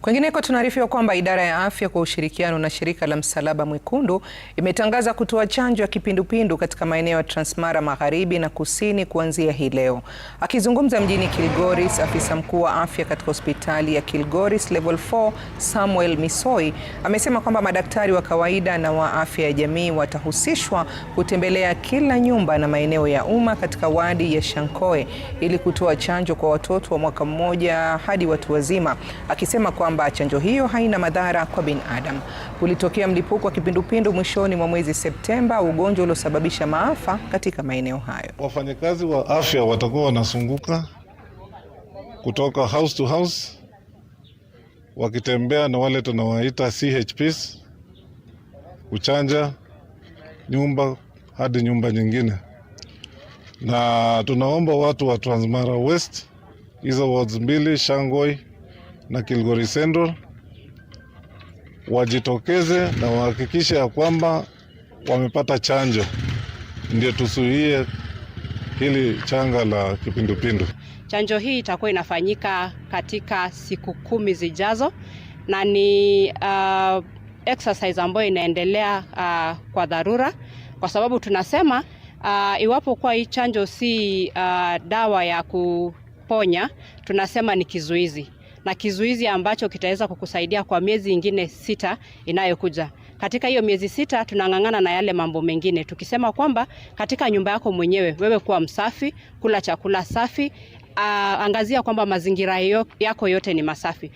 Kwingineko tunaarifiwa kwamba idara ya afya kwa ushirikiano na shirika la Msalaba Mwekundu imetangaza kutoa chanjo ya kipindupindu katika maeneo ya Transmara Magharibi na Kusini kuanzia hii leo. Akizungumza mjini Kilgoris, afisa mkuu wa afya katika hospitali ya Kilgoris Level 4 Samuel Misoi amesema kwamba madaktari wa kawaida na wa afya ya jamii watahusishwa kutembelea kila nyumba na maeneo ya umma katika wadi ya Shankoe ili kutoa chanjo kwa watoto wa mwaka mmoja hadi watu wazima, akisema kwa kwamba chanjo hiyo haina madhara kwa binadamu. Kulitokea mlipuko wa kipindupindu mwishoni mwa mwezi Septemba, ugonjwa uliosababisha maafa katika maeneo hayo. Wafanyakazi wa afya watakuwa wanasunguka kutoka house to house wakitembea na wale tunawaita CHPs kuchanja nyumba hadi nyumba nyingine, na tunaomba watu wa Transmara West hizo wards mbili Shangoi na Kilgori Central wajitokeze na wahakikishe ya kwamba wamepata chanjo, ndio tusuhie hili changa la kipindupindu. Chanjo hii itakuwa inafanyika katika siku kumi zijazo na ni uh, exercise ambayo inaendelea uh, kwa dharura, kwa sababu tunasema uh, iwapo kuwa hii chanjo si uh, dawa ya kuponya, tunasema ni kizuizi na kizuizi ambacho kitaweza kukusaidia kwa miezi ingine sita inayokuja. Katika hiyo miezi sita tunang'ang'ana na yale mambo mengine, tukisema kwamba katika nyumba yako mwenyewe wewe kuwa msafi, kula chakula safi, aa, ah, angazia kwamba mazingira yako yote ni masafi.